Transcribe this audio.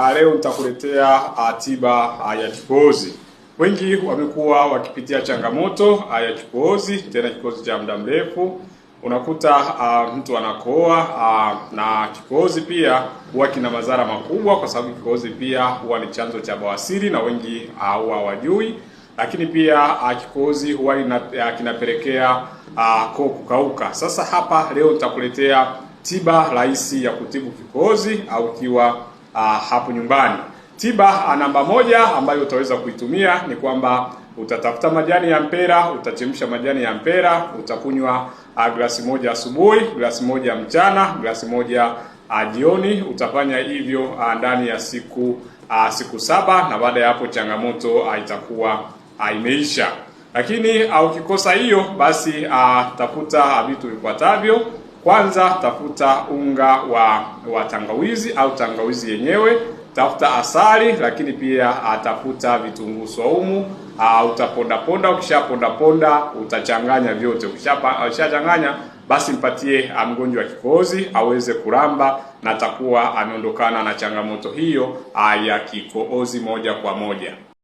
Ah, leo nitakuletea ah, tiba ah, ya kikohozi. Wengi wamekuwa wakipitia changamoto ya kikohozi, tena kikohozi cha muda mrefu. Unakuta uh, mtu anakohoa uh, na kikohozi pia huwa kina madhara makubwa, kwa sababu kikohozi pia huwa ni chanzo cha bawasiri na wengi huwa wajui hawajui, lakini pia uh, kikohozi huwa uh, kinapelekea uh, koo kukauka. Sasa hapa leo nitakuletea tiba rahisi ya kutibu kikohozi au kiwa uh, hapo nyumbani. Tiba ah, namba moja ambayo utaweza kuitumia ni kwamba utatafuta majani ya mpera, utachemsha majani ya mpera, utakunywa uh, glasi moja asubuhi, glasi moja mchana, glasi moja uh, jioni. Utafanya hivyo uh, ndani ya siku uh, siku saba, na baada ya hapo changamoto uh, itakuwa uh, imeisha. Lakini uh, ukikosa hiyo basi uh, tafuta vitu vifuatavyo kwanza tafuta unga wa wa tangawizi au tangawizi yenyewe, tafuta asali, lakini pia atafuta ah, vitunguu swaumu. Uh, ah, utapondaponda. Ukishapondaponda utachanganya vyote. Ah, ukishachanganya basi mpatie mgonjwa wa kikohozi aweze kuramba na atakuwa ameondokana na changamoto hiyo ya kikohozi moja kwa moja.